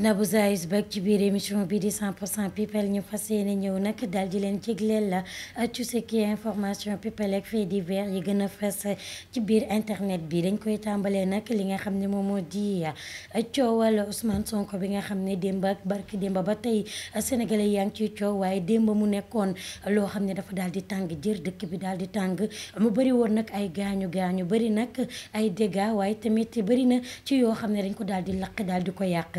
Nabou Zaïs ba ci biir émission bi di 100 pour 100 people ñu fas yéene ñëw nag daal di leen jégleel la euh, tout ce qui est information people ak faits divers yi gën a fës ci biir internet bi dañ koy tàmbalee nag li nga xam ne moom moo di euh, coowal Ousmane Sonko bi nga xam ne démb ak barki démb ba tey euh, sénégalais yaa ngi ciy coow waaye démb mu nekkoon loo xam ne dafa daal di tàng jër dëkk bi daal di tàng mu bëri woon nag ay gaañu gaañu bëri nag ay dégâts waaye tamit bëri na ci yoo xam ne dañ ko daal di lakk daal di ko yàq.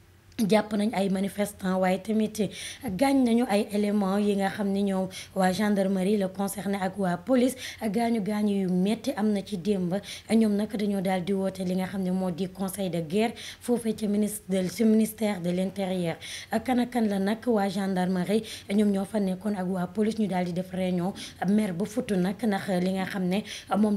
jàpp nañ ay manifestants waaye tamit gañ nañu ay éléments yi nga xamni ñoom gendarmerie le concerné ak wa police gañu gaañu yu metti amna ci demb ñoom nak dañu daal di li nga xamni ne conseil de guerre fofé ci ministre del ministère de l'intérieur intérieur kan la nak wa gendarmerie ñoom ñoo fa nekkon ak wa police ñu daal di def réunion maire ba futu nak ndax li nga ne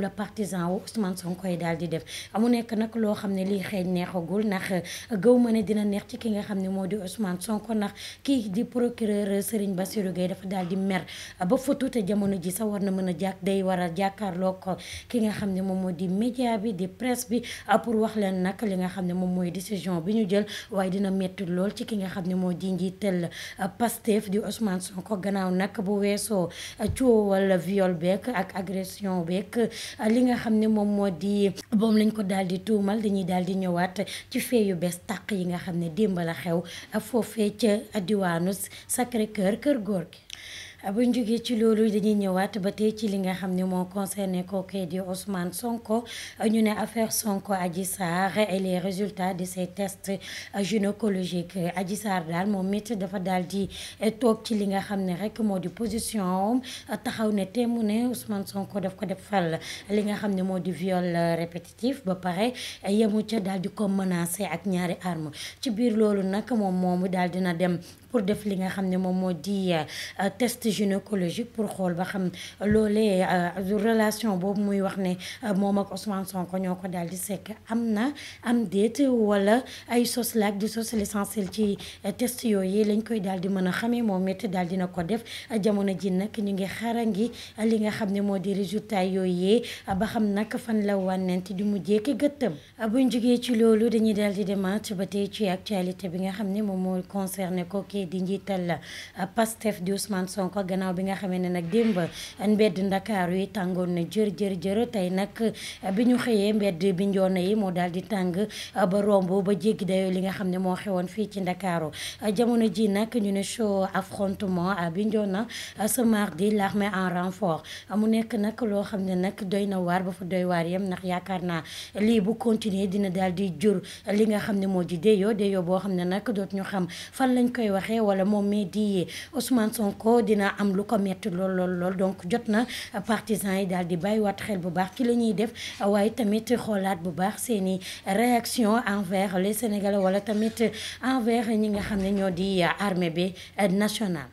la partisan wu Ousmane Sonko koy daal di def amu nek nak lo xam ne xéñ neexagul ndax gëw ma dina neex ci nga xam ne moo di Ousmane Sonko ndax kii di procureur Serigne Bassirou Gueye dafa daal di mer ba fotu te jamono ji sax war na mën a jàkk day war jàkkaarloo ko ki nga xam ne moom moo di média bi di presse ah, pour wax leen nag li nga xam ne moom mooy décision bi ñu jël waaye dina métti ci ki nga xam ne moo di njiital ah, Pastef di Ousmane Sonko gannaaw nag bu weesoo ah, coowal viol beek ak agression beek li nga xam ne moom moo di boom lañ ko daal di tuumal dañuy daal di ñëwaat ci fee yu bees tàq yi nga xam ne démb bala la xew foofee ca diwaanu Sacré Cœur kër góor gi buñ jógee ci loolu dañuy ñëwaat ba tey ci li nga xamné mo moo concerné kookee di Ousmane Sonko ñu ne affaire Sonko Adji Sarr et les résultats de ses tests gynécologiques Adji Sarr daal moom it dafa daal tok ci li nga xamné rek moo di position am taxaw ne teemu ne Ousmane Sonko daf ko fal li nga xamné ne di viol répétitif ba paré yemu ci daldi ko menacer ak ñaari arme ci biir lolu nak mom momu daldi na dem pour def li nga xamné mom moom di test gynécologique pour xol ba xam loolee euh, relation bobu muy wax né euh, mom ak Ousmane Sonko ñoko ko daal di sekk am na am déet wala ay sos laak du sos l'essentiel ci euh, test yooyu lañ koy daal di mën a xamee moom it dina ko def jamono ji nak ñu ngi xarangi li nga xamné modi moo di résultat yooyee ba xam nak fan la wànnent di mujjee ki gëttam ñu joggé ci lolu dañuy daal di demaat ba ci actualité bi nga xamné mom mo moo concerné ko kii di njiital Pastef di Ousmane Sonko wax gannaaw bi nga xamee ne nag démb mbedd ndakaaru yi tàngoon na jër jër jër tey nag bi ñu xëyee mbedd bi njoona yi moo daal di tàng ba romb ba jéggi dayoo li nga xam ne moo xewoon fii ci ndakaaru jamono ji nag ñu ne show affrontement à Bignona ce mardi l'armée en renfort mu nekk nag loo xam ne nag doy na waar ba doy waar yem ndax yaakaar naa lii bu continuer dina daal di jur li nga xam ne moo ji déyoo déyoo boo xam ne nag dootuñu xam fan lañ koy waxee wala moom mii di Ousmane Sonko dina na am lu ko metti lol lol lol donc jotna partisans yi daldi di bàyyiwaat xel bu baax ki lañuy def waaye tamit xoolaat bu baax seen réaction envers les Sénégalais wala tamit envers ñi nga xamné ñoo di armée B nationale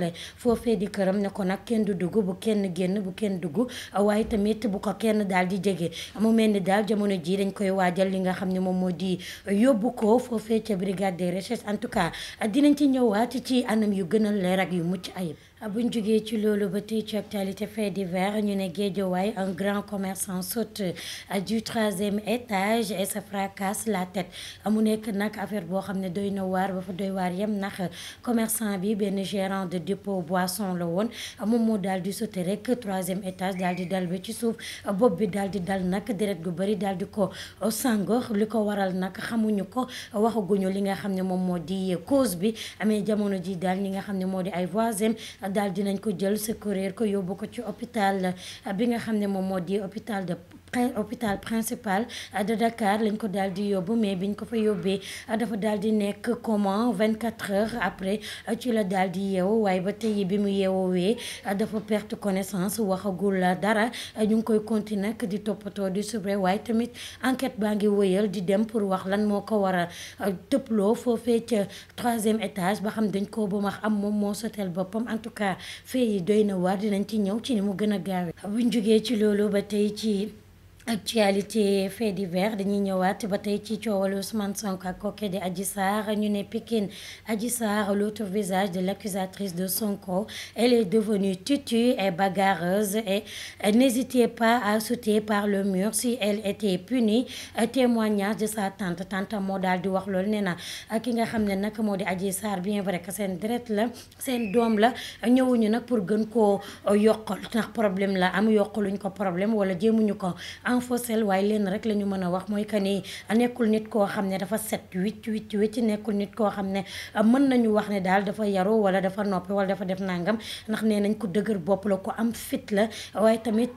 jàppale foofee di këram ne ko nag kenn du dugg bu kenn génn bu kenn duggu waaye tamit bu ko kenn daal di jege mu mel ni daal jamono jii dañ koy waajal li nga xam ne moom moo di yóbbu ko foofee ca brigade des recherches en tout cas dinañ ci ñëwaat ci anam yu gën a leer yu mucc ayib buñ jógee ci lolu ba tey ci actualité fait divers ñu ne Way un grand commerçant saute du troisième étage et se fracasse la tête À nekk nak affaire bo xamné ne war ba fa doy war yam nak commerçant bi ben gérant de dépôt boisson la woon moom moo daal di sauter rek troisième étage dal di dal ba ci souf bopp bi dal di dal nak direct gu bëri Dal di ko sango liko waral nak xamuñu ko waxaguñu li nga xamné ne di cause bi amé jamono ji dal nga xamné modi ay voisins daal dinañ ko jël secourir ko yóbbu ko ci hôpital bi nga xam ne moom moo di hôpital de hôpital principal de Dakar lañ ko daldi di mais biñ ko fa yóbbee dafa daldi nek comment 24 heures après ci la daldi di way ba tay bi mu yeewoowee dafa perte connaissance waxagul dara ñu ngi koy continuer di topoto di subre way tamit enquête ba ngi wëyal di dem pour wax lan toplo, wara war fofé ci 3 troisième étage ba xam dañ ko ba max am moom moo soteel en tout cas fee yi doy na dinañ ci ñew ci ni mu gëna gaawé buñ ci lolu ba tay ci actualité fait divers dañuy ñëwaat ba tey ci coowal Ousmane Sonko ak coke di Adji Sarr ñu Pikine Adji Sarr l'autre visage de l'accusatrice de Sonko elle est devenue tutu et bagarreuse et n'hésitait pas à sauter par le mur si elle était punie témoignage de sa tante tante mo dal di wax lool nee na ki nga xamné nak modi Adji Sarr bien vrai que sen deret la sen dom la ñëwuñu nak pour gën ko yokkal ndax problème la am yokkaluñ ko problème wala ko sans way len rek lañu mëna wax moy que ni nekkul nit ko xamné dafa set 8 8 8 nekkul nit koo xam mën nañu wax ne daal dafa yaru wala dafa noppi wala dafa def nangam ndax nee nañ ko dëgër bopp la ko am fit la waaye tamit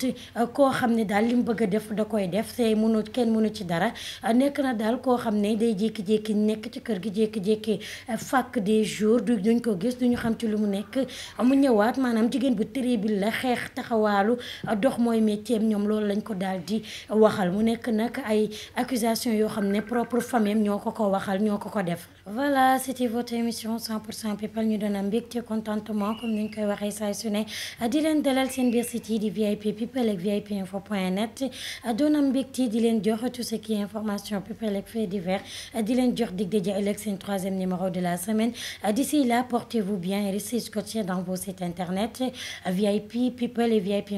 koo xam ne daal bëgg def da koy def te mënu kenn mënu ci dara nekk na daal koo xam day jékki-jékki nekk ci kër gi jékki-jékki fàkk des jours duñ ko gis duñu xam ci lu mu nekk mu ñëwaat maanaam jigéen bu terrible la xeex taxawaalu dox mooy métier ñoom loolu lañ ko daal di waxal mu nekk nak ay accusations yo xamné propre famille ñoko ko waxal ñoko ko def. voilà c'était votre émission 100% people ñu donna am contentement comme niñ koy waxé say suné di len dalal sen biir site di VIP people ak VIP info point net di len jox tout ce qui est information people ak fait divers di len jox dig daje sen 3 troisième numéro de la semaine d'ici là portez-vous bien et restez scotchés dans vos sites internet VIP people et VIP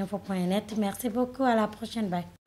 merci beaucoup à la prochaine bye.